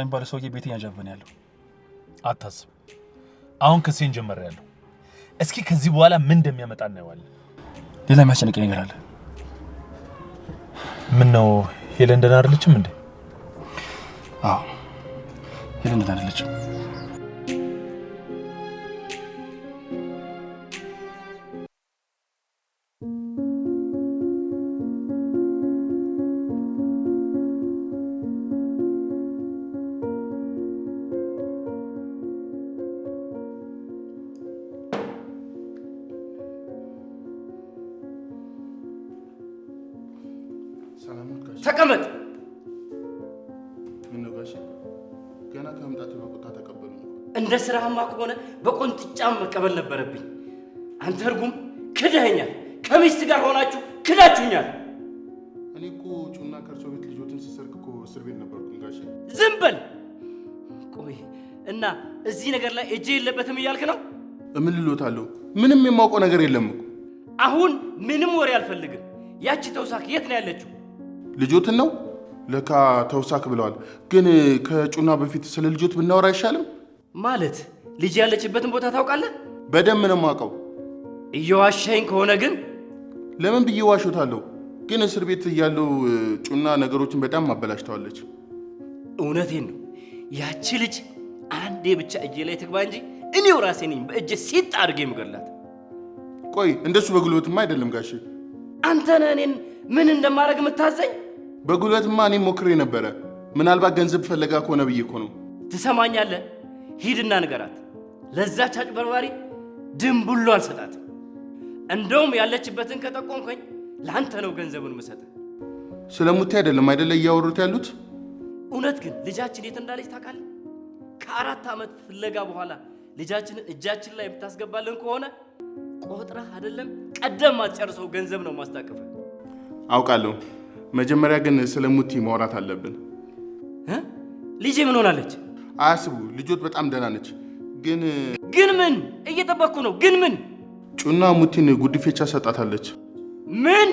ተፈራ የሚባለው ሰውዬ ቤት እያጀብን ያለው። አታስብ፣ አሁን ክሴን ጀመረ ያለው። እስኪ ከዚህ በኋላ ምን እንደሚያመጣ እናየዋለን። ሌላ የሚያስጨንቅ ነገር አለ። ምን ነው? ሄለን ደህና አይደለችም እንዴ? አዎ ሄለን ደህና አይደለችም። ተቀመጥ። ምነው ጋሼ ገና ከመምጣቴ በቁጣ ተቀበሉ? እንደ ስራህማ ከሆነ በቆንጥጫም መቀበል ነበረብኝ። አንተ እርጉም ክደኸኛል። ከሚስት ጋር ሆናችሁ ክዳችሁኛል። እኔ እኮ ጩና ከርሶ ቤት ልጆትን ስሰርቅ እኮ እስር ቤት ነበርኩኝ ጋሼ። ዝም በል ቆይ እና እዚህ ነገር ላይ እጄ የለበትም እያልክ ነው? ምን ምንም የማውቀው ነገር የለም አሁን ምንም ወሬ አልፈልግም። ያቺ ተውሳክ የት ነው ያለችው? ልጆትን ነው ለካ ተውሳክ ብለዋል። ግን ከጩና በፊት ስለ ልጆት ብናወራ አይሻልም? ማለት ልጅ ያለችበትን ቦታ ታውቃለህ? በደንብ ነው የማውቀው። እየዋሻኝ ከሆነ ግን ለምን ብዬ ዋሾታለሁ? ግን እስር ቤት እያለው ጩና ነገሮችን በጣም ማበላሽተዋለች። እውነቴን ነው። ያቺ ልጅ አንዴ ብቻ እጄ ላይ ትግባ እንጂ እኔው ራሴ ነኝ በእጄ ሲጥ አድርጌ የምገላት። ቆይ እንደሱ በጉልበትማ አይደለም ጋሼ። አንተ ነህ እኔን ምን እንደማድረግ የምታዘኝ በጉልበትማ እኔም ሞክሬ ነበረ። ምናልባት ገንዘብ ፈለጋ ከሆነ ብዬ እኮ ነው። ትሰማኛለህ? ሂድና ንገራት፣ ለዛች አጭበርባሪ ድንቡሎ አልሰጣትም። እንደውም ያለችበትን ከጠቆምከኝ ለአንተ ነው ገንዘቡን ምሰጥ። ስለሙት አይደለም አይደለ እያወሩት ያሉት? እውነት ግን ልጃችን የት እንዳለች ታውቃለህ? ከአራት ዓመት ፍለጋ በኋላ ልጃችንን እጃችን ላይ የምታስገባልን ከሆነ ቆጥረህ አይደለም ቀደም ማትጨርሰው ገንዘብ ነው ማስታቀፈ አውቃለሁ መጀመሪያ ግን ስለ ሙቲ ማውራት አለብን። ልጄ ምን ሆናለች? አያስቡ፣ ልጆት በጣም ደህና ነች። ግን ግን ምን እየጠበቅኩ ነው? ግን ምን ጩና ሙቲን ጉድፌቻ ሰጣታለች። ምን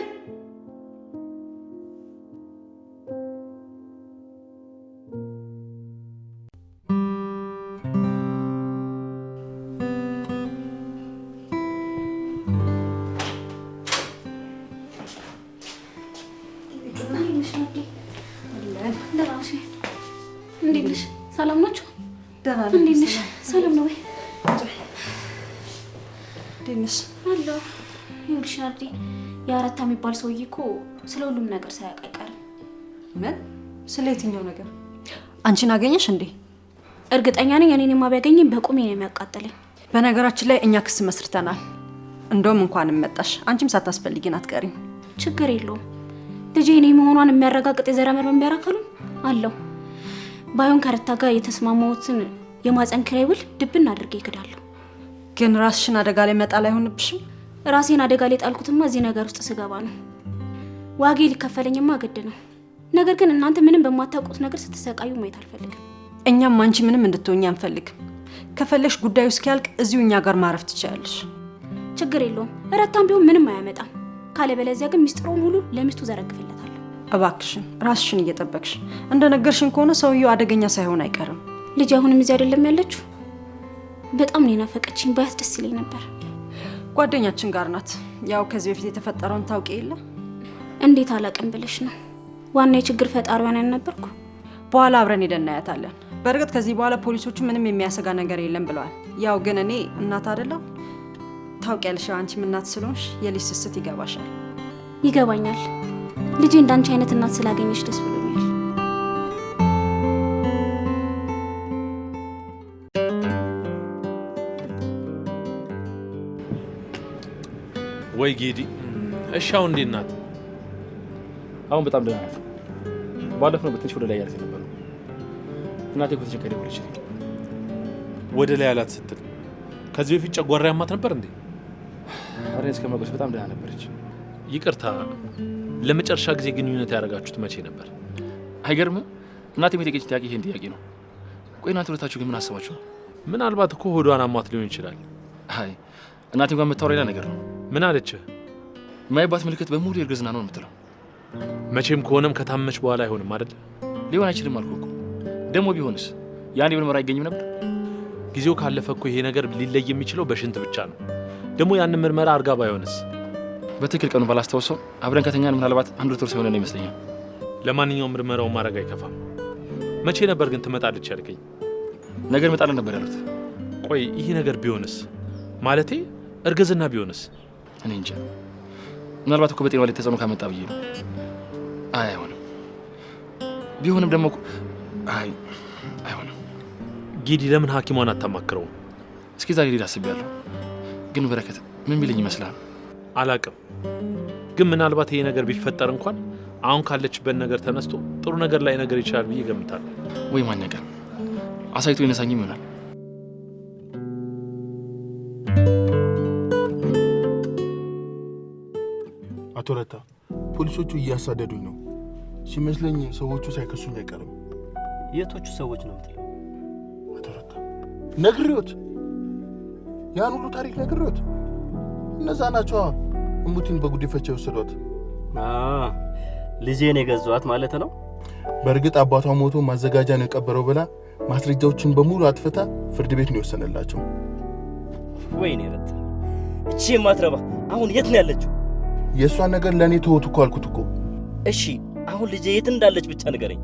እንዴት ነሽ? ሰላም ነው ወይ? እንዴት ነሽ? አለሁ። ይኸውልሽ ናርዲ፣ የአረታ የሚባል ሰውዬ እኮ ስለ ሁሉም ነገር ሳያውቅ አይቀርም። ምን? ስለ የትኛው ነገር? አንቺን አገኘሽ እንዴ? እርግጠኛ ነኝ። እኔንማ ቢያገኘኝ በቁሜ ነው የሚያቃጥለኝ። በነገራችን ላይ እኛ ክስ መስርተናል። እንደውም እንኳን መጣሽ፣ አንቺም ሳታስፈልጊን አትቀሪም። ችግር የለውም። ልጄ እኔ መሆኗን የሚያረጋግጥ የዘረ አለው። ባይሆን ከረታ ጋር የተስማማሁትን የማፀን ኪራይ ውል ድብን አድርጌ ይክዳለሁ። ግን ራስሽን አደጋ ላይ መጣል አይሆንብሽም? ራሴን አደጋ ላይ ጣልኩትማ እዚህ ነገር ውስጥ ስገባ ነው። ዋጌ ሊከፈለኝማ ግድ ነው። ነገር ግን እናንተ ምንም በማታውቁት ነገር ስትሰቃዩ ማየት አልፈልግም። እኛም አንቺ ምንም እንድትሆኝ አንፈልግም። ከፈለሽ ጉዳዩ እስኪያልቅ እዚሁ እኛ ጋር ማረፍ ትችላለሽ። ችግር የለውም። እረታም ቢሆን ምንም አያመጣም። ካለበለዚያ ግን ሚስጥሩን ሁሉ ለሚስቱ ዘረግፍለታለሁ። እባክሽን ራስሽን እየጠበቅሽ እንደነገርሽን ከሆነ ሰውየው አደገኛ ሳይሆን አይቀርም። ልጅ አሁንም እዚህ አይደለም ያለችው? በጣም ነው የናፈቀችኝ። ባያት ደስ ይለኝ ነበር። ጓደኛችን ጋር ናት። ያው ከዚህ በፊት የተፈጠረውን ታውቂ የለ እንዴት አላቅም ብለሽ ነው። ዋና የችግር ፈጣሪዋን ያልነበርኩ። በኋላ አብረን ሄደን እናያታለን። በእርግጥ ከዚህ በኋላ ፖሊሶቹ ምንም የሚያሰጋ ነገር የለም ብለዋል። ያው ግን እኔ እናት አይደለም ታውቂያለሽ። አንቺም እናት ስለሆንሽ የልጅ ስስት ይገባሻል። ይገባኛል። ልጄ እንዳንቺ አይነት እናት ስላገኘች ደስ ብሎኛል። ወይ ጌዲ እሻው እንዴት ናት? አሁን በጣም ደህና ናት። ባለፈው ነው በትንሽ ወደ ላይ ያላት ነበር። እናቴ እኮ ተቸገረ ወደ ላይ ያላት ስትል ከዚህ በፊት ጨጓራ ያማት ነበር እንዴ? አሬ እስከ መቆስ በጣም ደህና ነበረች። ይቅርታ፣ ለመጨረሻ ጊዜ ግንኙነት ያደረጋችሁት መቼ ነበር? አይገርምም? እናቴ የጠየቀች ጥያቄ ይሄን ጥያቄ ነው። ቆይ እናንተ ሁለታችሁ ግን ምን አስባችሁ ነው? ምናልባት እኮ ሆዷን አሟት ሊሆን ይችላል። አይ እናቴ ጋር የምታወራ ሌላ ነገር ነው። ምን አለች? የማይባት ምልክት በሙሉ የእርግዝና ነው የምትለው። መቼም ከሆነም ከታመች በኋላ አይሆንም አይደል? ሊሆን አይችልም አልኩ እኮ። ደግሞ ቢሆንስ ያኔ ምርመራ አይገኝም ነበር? ጊዜው ካለፈ እኮ ይሄ ነገር ሊለይ የሚችለው በሽንት ብቻ ነው። ደግሞ ያንን ምርመራ አርጋ ባይሆንስ? በትክክል ቀኑ ባላስታውሰው አብረን ከተኛን ምናልባት አንድ ወር ሲሆን ነው ይመስለኛል። ለማንኛውም ምርመራውን ማድረግ አይከፋም። መቼ ነበር ግን ትመጣለች ያልከኝ? ነገር እመጣለሁ ነበር ያሉት። ቆይ ይህ ነገር ቢሆንስ? ማለቴ እርግዝና ቢሆንስ? እኔ እንጃ። ምናልባት እኮ በጤና ላይ ተጽዕኖ ካመጣ ብዬ ነው። አይ አይሆንም። ቢሆንም ደግሞ አይ አይሆንም። ጌዲ ለምን ሐኪሟን አታማክረው እስኪ ዛሬ ሌላ አስቤያለሁ። ግን በረከት ምን ቢለኝ ይመስላል? አላቅም። ግን ምናልባት ይሄ ነገር ቢፈጠር እንኳን አሁን ካለችበት ነገር ተነስቶ ጥሩ ነገር ላይ ነገር ይችላል ብዬ ገምታለሁ። ወይ ማን ነገር አሳይቶ ይነሳኝም ይሆናል። አቶ ረታ፣ ፖሊሶቹ እያሳደዱኝ ነው ሲመስለኝ። ሰዎቹ ሳይከሱኝ አይቀርም። የቶቹ ሰዎች ነው የምትለው? አቶ ረታ፣ ነግሬዎት፣ ያን ሁሉ ታሪክ ነግሬዎት፣ እነዛ ናቸዋ እሙቲን በጉዲፈቻ የወሰዷት። ልጄን የገዛዋት ማለት ነው። በእርግጥ አባቷ ሞቶ ማዘጋጃ ነው የቀበረው ብላ ማስረጃዎችን በሙሉ አጥፍታ ፍርድ ቤት ነው የወሰነላቸው። ወይኔ ረታ፣ እቺ የማትረባ አሁን የት ነው ያለችው? የእሷን ነገር ለእኔ ተወት እኮ አልኩት እኮ። እሺ አሁን ልጄ የት እንዳለች ብቻ ንገረኝ።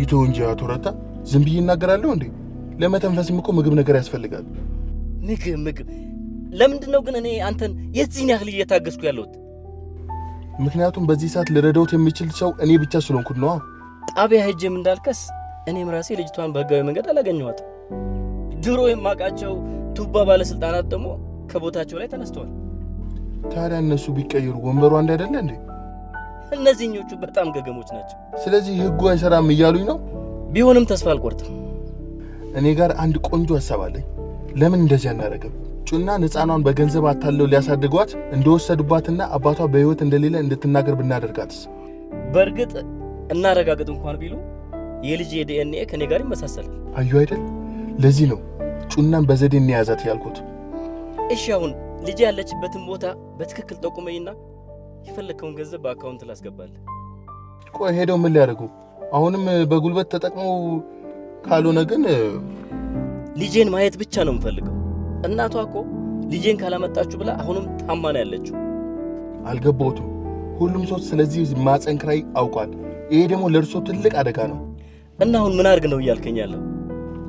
ይተው እንጂ አቶ ረታ፣ ዝም ብዬ እናገራለሁ እንዴ? ለመተንፈስም እኮ ምግብ ነገር ያስፈልጋል። ምግብ ምግብ። ለምንድን ነው ግን እኔ አንተን የዚህን ያህል እየታገስኩ ያለሁት? ምክንያቱም በዚህ ሰዓት ልረዳውት የሚችል ሰው እኔ ብቻ ስለሆንኩት ነዋ። ጣቢያ ሄጄም እንዳልከስ እኔም ራሴ ልጅቷን በህጋዊ መንገድ አላገኘኋትም። ድሮ የማውቃቸው ቱባ ባለስልጣናት ደግሞ ከቦታቸው ላይ ተነስተዋል። ታዲያ እነሱ ቢቀየሩ ወንበሩ አንድ አይደለ እንዴ? እነዚህኞቹ በጣም ገገሞች ናቸው። ስለዚህ ህጉ አይሰራም እያሉኝ ነው። ቢሆንም ተስፋ አልቆርጥም። እኔ ጋር አንድ ቆንጆ ሀሳብ አለኝ። ለምን እንደዚህ አናደርግም? ጩናን ህፃኗን በገንዘብ አታለው ሊያሳድጓት እንደወሰዱባትና አባቷ በህይወት እንደሌለ እንድትናገር ብናደርጋትስ? በእርግጥ እናረጋግጥ እንኳን ቢሉ የልጅ የዲኤንኤ ከኔ ጋር ይመሳሰላል። አዩ አይደል? ለዚህ ነው ጩናን በዘዴ እንያዛት ያልኩት። እሺ አሁን ልጅ ያለችበትን ቦታ በትክክል ጠቁመኝና የፈለግከውን ገንዘብ በአካውንት ላስገባለህ። ቆይ ሄደው ምን ሊያደርጉ? አሁንም በጉልበት ተጠቅመው ካልሆነ ግን ልጄን ማየት ብቻ ነው የምፈልገው። እናቷ እኮ ልጄን ካላመጣችሁ ብላ አሁንም ታማ ነው ያለችው። አልገባሁትም። ሁሉም ሰው ስለዚህ ማፀን ኪራይ አውቋል። ይሄ ደግሞ ለእርሶ ትልቅ አደጋ ነው እና አሁን ምን አድርግ ነው እያልከኝ ያለው?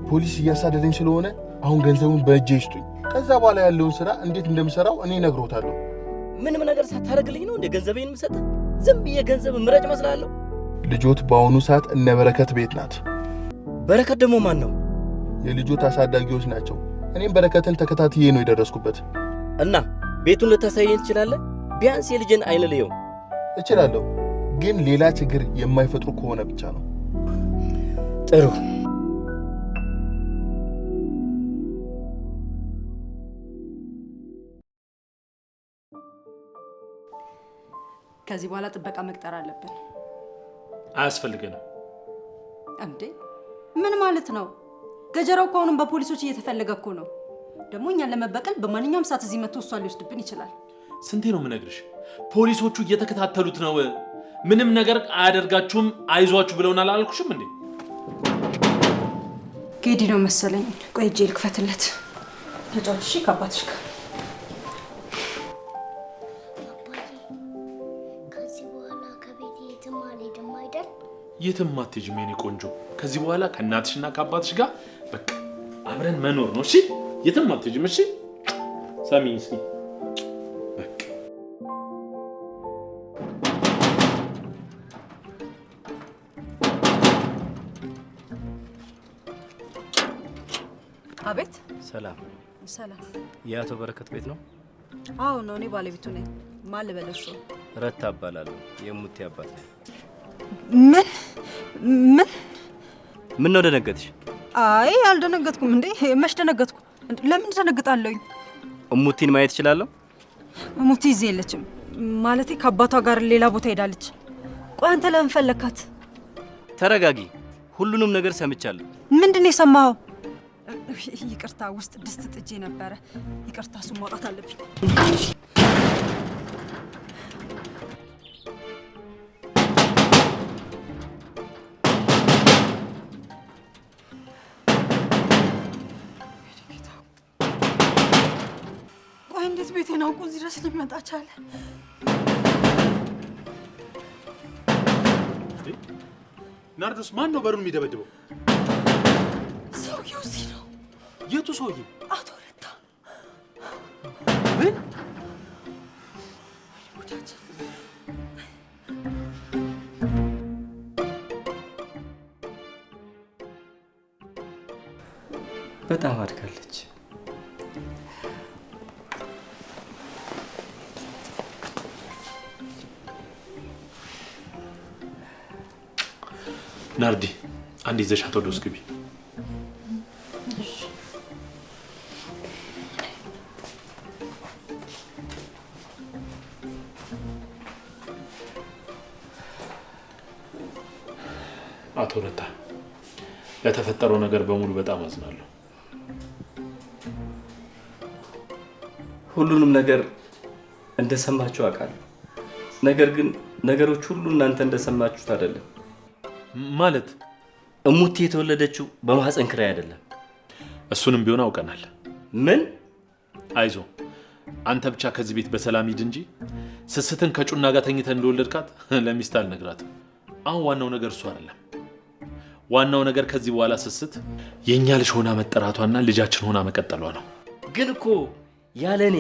ፖሊስ እያሳደደኝ ስለሆነ አሁን ገንዘቡን በእጄ ይስጡኝ። ከዛ በኋላ ያለውን ስራ እንዴት እንደምሰራው እኔ ነግሮታለሁ። ምንም ነገር ሳታደርግልኝ ነው እንደ ገንዘቤን ምሰጥ? ዝም ብዬ ገንዘብ ምረጭ መስላለሁ። ልጆት በአሁኑ ሰዓት እነ በረከት ቤት ናት። በረከት ደግሞ ማን ነው? የልጆት አሳዳጊዎች ናቸው። እኔም በረከትን ተከታትዬ ነው የደረስኩበት። እና ቤቱን ልታሳየኝ ትችላለህ? ቢያንስ የልጅን አይን ልየው እችላለሁ፣ ግን ሌላ ችግር የማይፈጥሩ ከሆነ ብቻ ነው። ጥሩ ከዚህ በኋላ ጥበቃ መቅጠር አለብን። አያስፈልገንም። እንዴ ምን ማለት ነው? ገጀራው ከአሁኑም በፖሊሶች እየተፈለገ እኮ ነው። ደግሞ እኛን ለመበቀል በማንኛውም ሰዓት እዚህ መጥቶ እሷን ሊወስድብን ይችላል። ስንቴ ነው የምነግርሽ? ፖሊሶቹ እየተከታተሉት ነው። ምንም ነገር አያደርጋችሁም፣ አይዟችሁ ብለውናል። አላልኩሽም እንዴ? ጌዲ ነው መሰለኝ። ቆይ እጄ ልክፈትለት። ተጫውተሽ ከአባትሽ ጋር የትም አትሄጂም የኔ ቆንጆ። ከዚህ በኋላ ከእናትሽና ከአባትሽ ጋር በቃ አብረን መኖር ነው። እሺ፣ የትም አትሄጂም። እሺ፣ ሰሚኝ እስኪ አቤት። ሰላም ሰላም። የአቶ በረከት ቤት ነው? አዎ ነው። እኔ ባለቤቱ ነኝ። ማን ልበለሽ? ረታ እባላለሁ። የሙቴ አባት ነኝ። ምን ምን ምን ነው ደነገጥሽ? አይ አልደነገጥኩም። እንዴ መች ደነገጥኩ? ለምን ደነግጣለሁኝ? እሙቲን ማየት እችላለሁ? እሙቲ እዚህ የለችም። ማለቴ ከአባቷ ጋር ሌላ ቦታ ሄዳለች። ቆይ አንተ ለምን ፈለግካት? ተረጋጊ። ሁሉንም ነገር ሰምቻለሁ። ምንድን ነው የሰማኸው? ይቅርታ፣ ውስጥ ድስት ጥጄ ነበረ። ይቅርታ፣ እሱን ማውጣት አለብኝ። ይሄን አውቁ እዚህ ድረስ ሊመጣ ቻለ። ናርዶስ፣ ማን ነው በሩን የሚደበድበው? ሰውየው እዚህ ነው። የቱ ሰውዬ? አቶ ረታ። ምን በጣም አድጋለች። ናርዲ አንድ ይዘሻት ወደ ውስጥ ግቢ። አቶ ረታ ለተፈጠረው ነገር በሙሉ በጣም አዝናለሁ። ሁሉንም ነገር እንደሰማችሁ አውቃለሁ። ነገር ግን ነገሮች ሁሉ እናንተ እንደሰማችሁት አይደለም። ማለት እሙቴ የተወለደችው በማህፀን ክራይ አይደለም። እሱንም ቢሆን አውቀናል። ምን? አይዞ አንተ ብቻ ከዚህ ቤት በሰላም ሂድ እንጂ ስስትን ከጩና ጋር ተኝተ እንደወለድካት ለሚስት አልነግራትም። አሁን ዋናው ነገር እሱ አይደለም። ዋናው ነገር ከዚህ በኋላ ስስት የእኛ ልጅ ሆና መጠራቷና ልጃችን ሆና መቀጠሏ ነው። ግን እኮ ያለ እኔ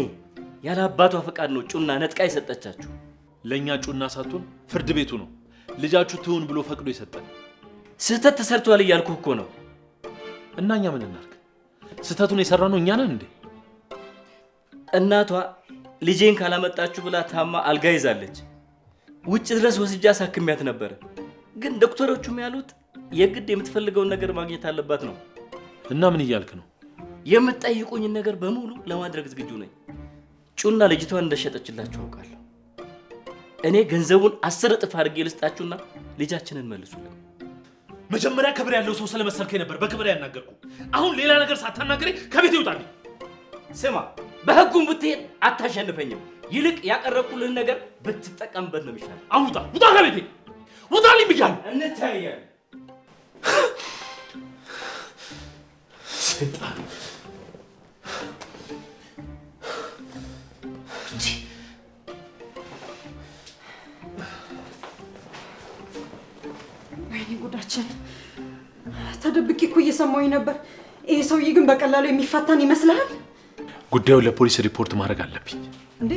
ያለ አባቷ ፈቃድ ነው ጩና ነጥቃ የሰጠቻችሁ። ለእኛ ጩና ሳትሆን ፍርድ ቤቱ ነው ልጃችሁ ትሁን ብሎ ፈቅዶ የሰጠን። ስህተት ተሰርቷል እያልኩ እኮ ነው። እና እኛ ምን እናድርግ? ስህተቱን የሰራ ነው እኛ ነን እንዴ? እናቷ ልጄን ካላመጣችሁ ብላ ታማ አልጋ ይዛለች። ውጭ ድረስ ወስጃ አሳክሚያት ነበር ግን ዶክተሮቹም ያሉት የግድ የምትፈልገውን ነገር ማግኘት አለባት ነው። እና ምን እያልክ ነው? የምትጠይቁኝን ነገር በሙሉ ለማድረግ ዝግጁ ነኝ። ጩና ልጅቷን እንደሸጠችላችሁ አውቃለሁ። እኔ ገንዘቡን አስር እጥፍ አድርጌ ልስጣችሁና ልጃችንን መልሱልን። መጀመሪያ ክብር ያለው ሰው ስለመሰልከኝ ነበር በክብር ያናገርኩ። አሁን ሌላ ነገር ሳታናገሬ ከቤት ይውጣል ስማ፣ በህጉም ብትሄድ አታሸንፈኝም። ይልቅ ያቀረብኩልን ነገር ብትጠቀምበት ነው የሚሻለው። አሁን ውጣ፣ ውጣ ከቤቴ ውጣልኝ ብያለሁ። እንታያለን። ሰይጣን ደብቄ እኮ እየሰማሁኝ ነበር። ይህ ሰውዬ ግን በቀላሉ የሚፈታን ይመስልሃል? ጉዳዩን ለፖሊስ ሪፖርት ማድረግ አለብኝ። እንዴ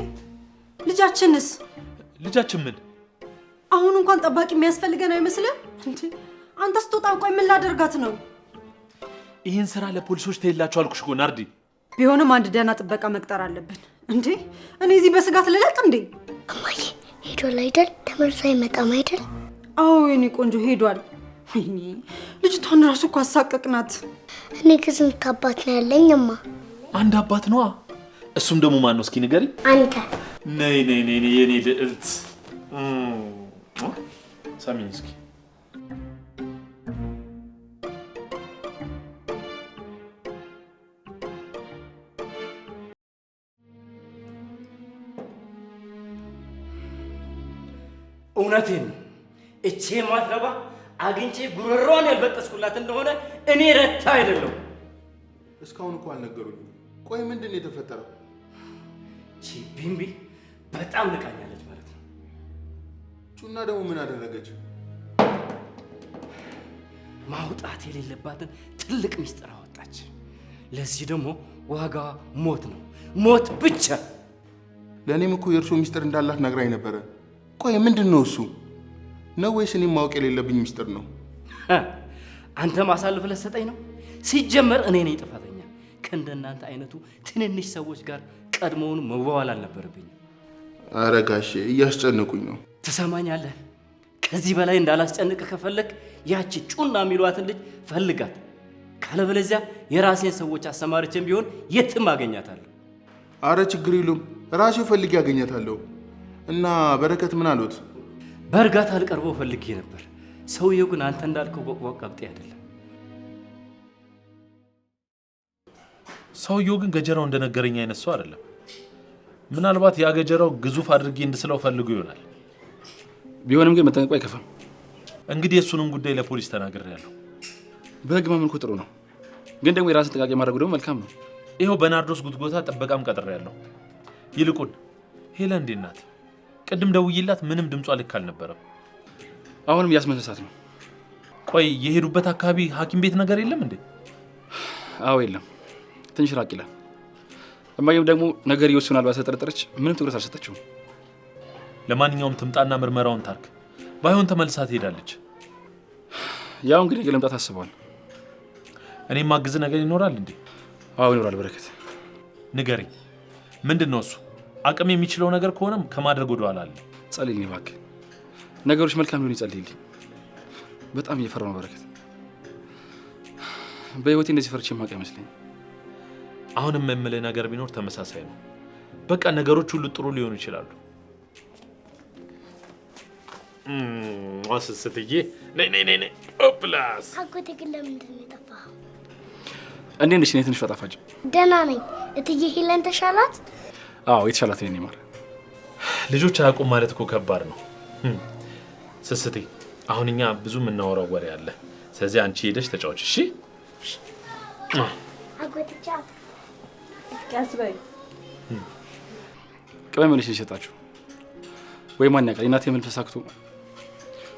ልጃችንስ? ልጃችን ምን? አሁን እንኳን ጠባቂ የሚያስፈልገን አይመስልም? እንዴ አንተ ስትወጣ ቆይ ምን ላደርጋት ነው? ይህን ስራ ለፖሊሶች ትሄላቸው አልኩሽ እኮ ናርዲ። ቢሆንም አንድ ደህና ጥበቃ መቅጠር አለብን። እንዴ እኔ እዚህ በስጋት ልለቅ እንዴ? እማዬ ሄዷል አይደል? ተመልሶ አይመጣም አይደል? አዎ የኔ ቆንጆ ሄዷል። ወይኔ ልጅቷን ራሱ እኮ አሳቀቅናት። እኔ ከስንት አባት ነው ያለኝ? ያለኝማ? አንድ አባት ነዋ። እሱም ደግሞ ማን ነው እስኪ ንገሪ። አንተ ነይ ነይ ነይ ነይ የኔ ልዕልት ሳሚኝ እስኪ እውነቴን እቼ ማትረባ አግኝቼ ጉሮሮዋን ያልበጠስኩላት እንደሆነ እኔ ረታ አይደለም። እስካሁን እኮ አልነገሩኝም። ቆይ ምንድን ነው የተፈጠረው? ቺ ቢምቢ በጣም ንቃኛለች ማለት ነው። ጩና ደግሞ ምን አደረገች? ማውጣት የሌለባትን ትልቅ ሚስጥር አወጣች። ለዚህ ደግሞ ዋጋ ሞት ነው፣ ሞት ብቻ። ለእኔም እኮ የእርሶ ሚስጥር እንዳላት ነግራኝ ነበረ። ቆይ ምንድን ነው እሱ? ነው ወይስ እኔም ማወቅ የሌለብኝ ምስጢር ነው? አንተ ማሳልፍ ለሰጠኝ ነው። ሲጀመር እኔ ነኝ ጥፋተኛ። ከእንደናንተ አይነቱ ትንንሽ ሰዎች ጋር ቀድሞውን መዋዋል አልነበረብኝም። ኧረ ጋሼ እያስጨነቁኝ ነው። ትሰማኛለህ? ከዚህ በላይ እንዳላስጨንቅ ከፈለግ ያቺ ጩና የሚሏትን ልጅ ፈልጋት። ካለበለዚያ የራሴን ሰዎች አሰማርቼም ቢሆን የትም አገኛታለሁ። አረ ችግር የለውም ራሴው ፈልጌ አገኛታለሁ። እና በረከት ምን አሉት? በእርጋታ አልቀርበው ፈልጌ ነበር። ሰውየው ግን አንተ እንዳልከው ቦቅቧቅ ቀብጤ አይደለም። ሰውየው ግን ገጀራው እንደነገረኝ አይነት ሰው አይደለም። ምናልባት ያ ገጀራው ግዙፍ አድርጌ እንድስለው ፈልጉ ይሆናል። ቢሆንም ግን መጠንቀቁ አይከፋም። እንግዲህ የእሱንም ጉዳይ ለፖሊስ ተናግሬያለሁ። በህግ ማመንኩ ጥሩ ነው፣ ግን ደግሞ የራስን ጥንቃቄ ማድረጉ ደግሞ መልካም ነው። ይኸው በናርዶስ ጉትጎታ ጥበቃም ቀጥሬያለሁ። ይልቁን ሄለን እንዴት ናት? ቅድም ደውዬላት ምንም ድምጿ ልክ አልነበረም። አሁንም እያስመሰሳት ነው። ቆይ የሄዱበት አካባቢ ሐኪም ቤት ነገር የለም እንዴ? አዎ የለም፣ ትንሽ ራቅ ይላል። እማየም ደግሞ ነገር ይወስናል ብላ ስለጠረጠረች ምንም ትኩረት አልሰጠችውም። ለማንኛውም ትምጣና ምርመራውን ታርክ፣ ባይሆን ተመልሳ ትሄዳለች። ያው እንግዲህ ለመምጣት አስበዋል። እኔ ማግዝ ነገር ይኖራል እንዴ? አዎ ይኖራል። በረከት ንገረኝ፣ ምንድን ነው እሱ? አቅም የሚችለው ነገር ከሆነም ከማድረግ ወደ ኋላ አለ። ጸልይልኝ እባክህ፣ ነገሮች መልካም ሊሆን ይጸልይልኝ። በጣም እየፈራ ነው በረከት። በህይወቴ እንደዚህ ፈርቼ የማውቅ አይመስለኝ። አሁን የምልህ ነገር ቢኖር ተመሳሳይ ነው። በቃ ነገሮች ሁሉ ጥሩ ሊሆኑ ይችላሉ። ስስትዬ ፕላስ አጎቴ ግን ለምንድን ነው የጠፋኸው? እንዴት ነሽ? እኔ ትንሽ ፈጣፋጭ ደህና ነኝ። እትዬ ሄለን ተሻላት? አዎ የተሻላት የኔ ማር። ልጆች አያውቁም ማለት እኮ ከባድ ነው ስስቴ። አሁን እኛ ብዙ የምናወራው ወሬ አለ። ስለዚህ አንቺ ሄደሽ ተጫዎች። እሺ ቅመ መልሽ ይሰጣችሁ ወይ ማን ያውቃል? እናቴ ምን ተሳክቶ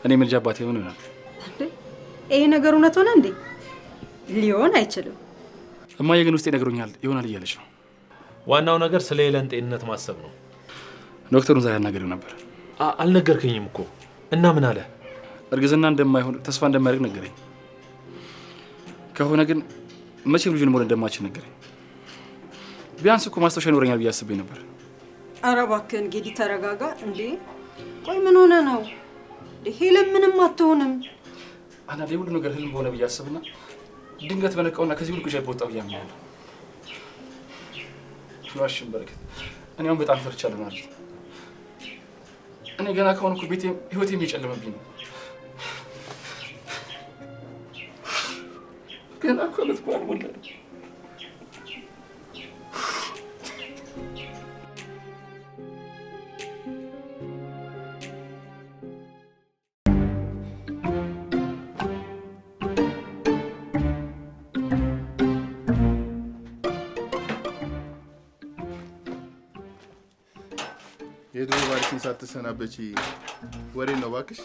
እኔ ምን ልጅ አባቴ ምን ይሆናል? ይሄ ነገር እውነት ሆነ እንዴ? ሊሆን አይችልም። እማዬ ግን ውስጤ ነግሮኛል ይሆናል እያለች ነው ዋናው ነገር ስለ ሄለን ጤንነት ማሰብ ነው። ዶክተሩን ዛሬ አናገር ነበር። አልነገርከኝም እኮ እና ምን አለ? እርግዝና እንደማይሆን ተስፋ እንደማያደርግ ነገረኝ። ከሆነ ግን መቼም ልጁን መሆን እንደማችል ነገረኝ። ቢያንስ እኮ ማስታወሻ ይኖረኛል ብዬ አስቤ ነበር። ኧረ እባክህን ጌዲ ተረጋጋ። እንዴ ቆይ ምን ሆነ ነው? ሄለን ምንም አትሆንም። አንዳንዴ ሁሉ ነገር ህልም በሆነ ብዬ አስብና ድንገት በነቃውና ከዚህ ሁሉ ጉዳይ በወጣ ብዬ አምናለሁ አልዋሽም በረከት፣ እኔ አሁን በጣም ፈርቻለሁ ማለት ነው። እኔ ገና ከሆነ እኮ ቤቴም ህይወቴም የጨለመብኝ ነው። ገና እኮ አመት እኮ እራስሽን ሳትሰናበች ወሬ ነው እባክሽ።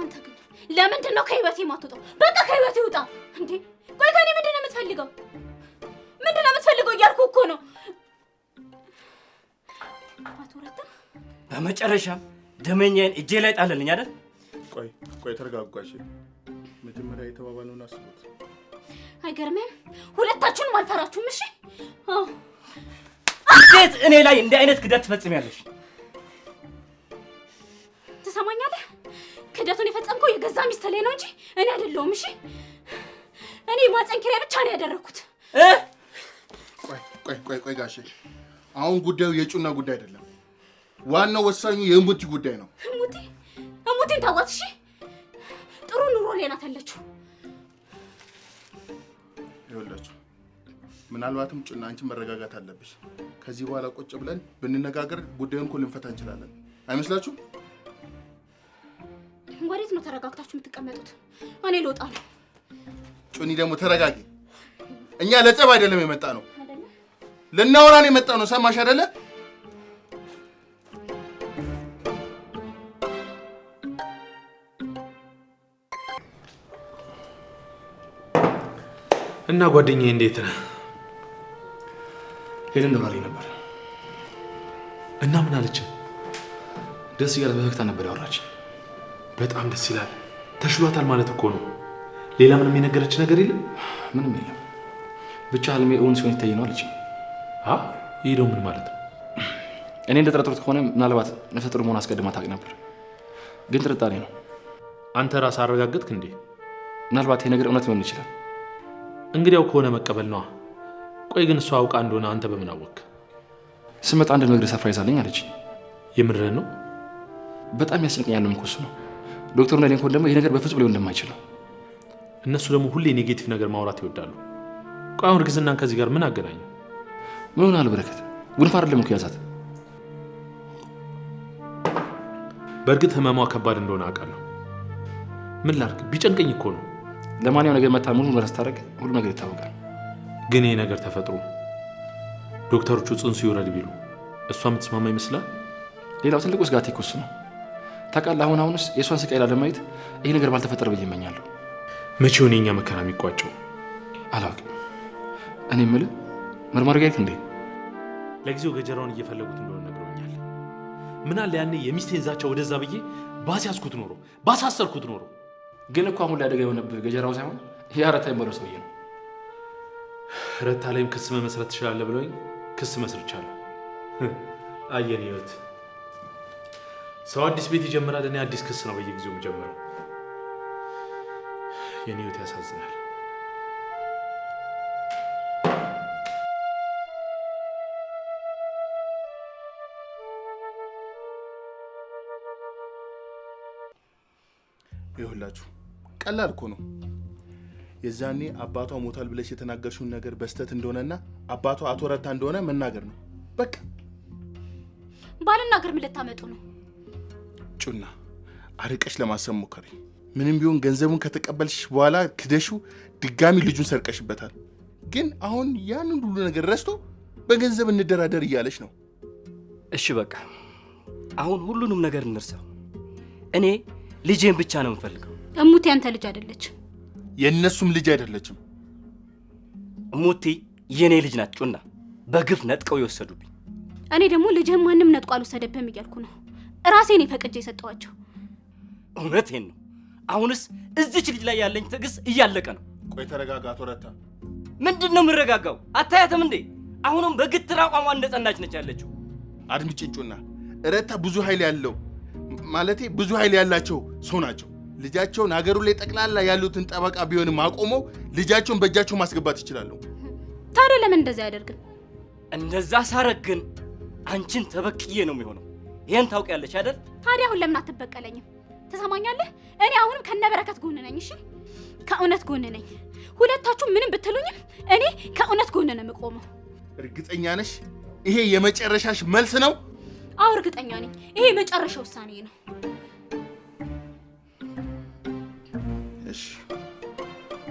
አንተ ግን ለምንድን ነው ከህይወቴ የማትወጣው? በቃ ከህይወቴ ውጣ እንዴ! ቆይ ከኔ ምንድን ነው የምትፈልገው? ምንድን ነው የምትፈልገው እያልኩ እኮ ነው። አቶ በመጨረሻም ደመኛዬን እጄ ላይ ጣለልኝ አይደል? ቆይ ቆይ፣ ተረጋጓሽ። መጀመሪያ የተባባለውን አስቡት። አይገርምም? ሁለታችሁንም አልፈራችሁም? እሺ። እንዴት እኔ ላይ እንዲህ አይነት ክደት ትፈጽሚያለሽ? የማጸንከው የገዛ ሚስት ላይ ነው እንጂ እኔ አይደለሁም። እሺ እኔ የማጸን ኪራይ ብቻ ነው ያደረኩት። ቆይ ቆይ ቆይ ጋሼ፣ አሁን ጉዳዩ የጩና ጉዳይ አይደለም። ዋናው ወሳኙ የሙቲ ጉዳይ ነው። ሙቲ ሙቲን ታዋት። እሺ ጥሩ ኑሮ ላይ ናት ያለችው። ይኸውላችሁ ምናልባትም ጩና አንቺ መረጋጋት አለብሽ። ከዚህ በኋላ ቁጭ ብለን ብንነጋገር ጉዳዩን እኮ ልንፈታ እንችላለን። አይመስላችሁም? ወዴት ነው ተረጋግታችሁ የምትቀመጡት? እኔ ልወጣ ነው። ጩኒ ደግሞ ተረጋጊ። እኛ ለጸብ አይደለም የመጣ ነው፣ ልናወራን የመጣ ነው። ሰማሽ አይደለ? እና ጓደኛዬ እንዴት ነህ? ሄደን ደውላልኝ ነበር እና ምን አለችም? ደስ እያለ በፈገግታ ነበር ያወራችን በጣም ደስ ይላል። ተሽሏታል ማለት እኮ ነው። ሌላ ምንም የነገረች ነገር የለም? ምንም የለም። ብቻ ህልሜ እውን ሲሆን ይታይ ነው አለች። ይህ ደው ምን ማለት ነው? እኔ እንደጠረጠሩት ከሆነ ምናልባት ነፍሰ ጡር መሆን አስቀድማ ታውቅ ነበር፣ ግን ጥርጣሬ ነው። አንተ ራስህ አረጋገጥክ እንዴ? ምናልባት ይሄ ነገር እውነት ሊሆን ይችላል። እንግዲያው ከሆነ መቀበል ነዋ። ቆይ ግን እሷ አውቃ እንደሆነ አንተ በምን አወቅክ? ስመጣ አንድ ነገር ሰርፕራይዝ አለኝ አለች። የምድረን ነው? በጣም ያስጨንቀኛል። እኮ እሱ ነው ዶክተሩ ሌንኮን ደግሞ ይሄ ነገር በፍጹም ሊሆን እንደማይችል ነው። እነሱ ደግሞ ሁሌ ኔጌቲቭ ነገር ማውራት ይወዳሉ። ቆይ አሁን እርግዝናን ከዚህ ጋር ምን አገናኘው? ምን ሆናል? በረከት ጉንፋን አይደለም እኮ ያዛት። በእርግጥ ህመሟ ከባድ እንደሆነ አውቃለሁ። ምን ላድርግ? ቢጨንቀኝ እኮ ነው። ለማንኛው ነገር መታ ሙሉ ስታደርግ ሁሉ ነገር ይታወቃል። ግን ይህ ነገር ተፈጥሮ ዶክተሮቹ ጽንሱ ይውረድ ቢሉ እሷ የምትስማማ ይመስላል። ሌላው ትልቁ ስጋቴ እኮ እሱ ነው። ታውቃለህ፣ አሁን አሁንስ የእሷን ስቃይ ላለማየት ይሄ ነገር ባልተፈጠረ ብዬ እመኛለሁ። መቼ ሆነ የኛ መከራ የሚቋጨው? አላውቅም። እኔ የምልህ መርማሪ ጋር እንዴ? ለጊዜው ገጀራውን እየፈለጉት እንደሆነ ነግሮኛል። ምናለ ያኔ የሚስቴን ዛቻ ወደዛ ብዬ ባስያዝኩት ኖሮ ባሳሰርኩት ኖሮ። ግን እኮ አሁን ላይ አደጋ የሆነብህ ገጀራው ሳይሆን ይሄ ረታ ሰውዬ ነው። ረታ ላይም ክስ መመስረት ትችላለህ ብለውኝ ክስ መስርቻለሁ። አየን ህይወት ሰው አዲስ ቤት ይጀምራል። እኔ አዲስ ክስ ነው በየጊዜው የምጀምረው። የኔ ህይወት ያሳዝናል። ይሁላችሁ ቀላል እኮ ነው። የዛኔ አባቷ ሞታል ብለሽ የተናገርሽውን ነገር በስተት እንደሆነና አባቷ አቶ ረታ እንደሆነ መናገር ነው። በቃ ባልናገር ምን ልታመጡ ነው? እጩና አርቀሽ ለማሰብ ሞከሪ። ምንም ቢሆን ገንዘቡን ከተቀበልሽ በኋላ ክደሹ ድጋሚ ልጁን ሰርቀሽበታል። ግን አሁን ያንን ሁሉ ነገር ረስቶ በገንዘብ እንደራደር እያለች ነው። እሺ በቃ አሁን ሁሉንም ነገር እንርሳው። እኔ ልጄን ብቻ ነው የምፈልገው። እሙቴ ያንተ ልጅ አይደለችም፣ የእነሱም ልጅ አይደለችም። እሙቴ የእኔ ልጅ ናት። ጩና በግፍ ነጥቀው የወሰዱብኝ። እኔ ደግሞ ልጅህን ማንም ነጥቆ አልወሰደብህም እያልኩ ነው ራሴን ፈቅጄ የሰጠኋቸው። እውነቴን ነው። አሁንስ እዚች ልጅ ላይ ያለኝ ትዕግስት እያለቀ ነው። ቆይ ተረጋጋ አቶ ምንድን ነው የምረጋጋው? አታያትም እንዴ? አሁንም በግትር አቋሟ እንደጸናች ነች ያለችው። አድምጪ እረታ ረታ ብዙ ኃይል ያለው ማለቴ ብዙ ኃይል ያላቸው ሰው ናቸው። ልጃቸውን ሀገሩ ላይ ጠቅላላ ያሉትን ጠበቃ ቢሆንም አቆመው ልጃቸውን በእጃቸው ማስገባት ይችላሉ። ታዲያ ለምን እንደዛ ያደርግን? እንደዛ ሳረግን አንቺን ተበቅዬ ነው የሚሆነው። ይሄን ታውቂያለሽ አይደል? ታዲያ አሁን ለምን አትበቀለኝም? ትሰማኛለህ? እኔ አሁንም ከነበረከት ጎን ነኝ። እሺ ከእውነት ጎን ነኝ። ሁለታችሁ ምንም ብትሉኝም እኔ ከእውነት ጎን ነው የምቆመው። እርግጠኛ ነሽ? ይሄ የመጨረሻሽ መልስ ነው? አዎ እርግጠኛ ነኝ። ይሄ የመጨረሻ ውሳኔ ነው። እሺ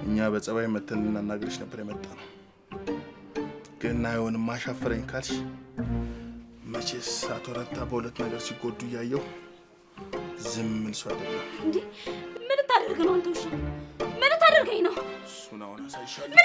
እኛ በጸባይ መተን ልናናግርሽ ነበር የመጣ ነው። ግን አይሆንም፣ አሻፍረኝ ካልሽ መቼስ አቶ ረታ በሁለት ነገር ሲጎዱ እያየው ዝም ል ሰው አይደለም። እንዴ ምን ልታደርግ ነው አንተ? ውሻ ምን ልታደርገኝ ነው? እሱን አሁን አሳይሻለሁ።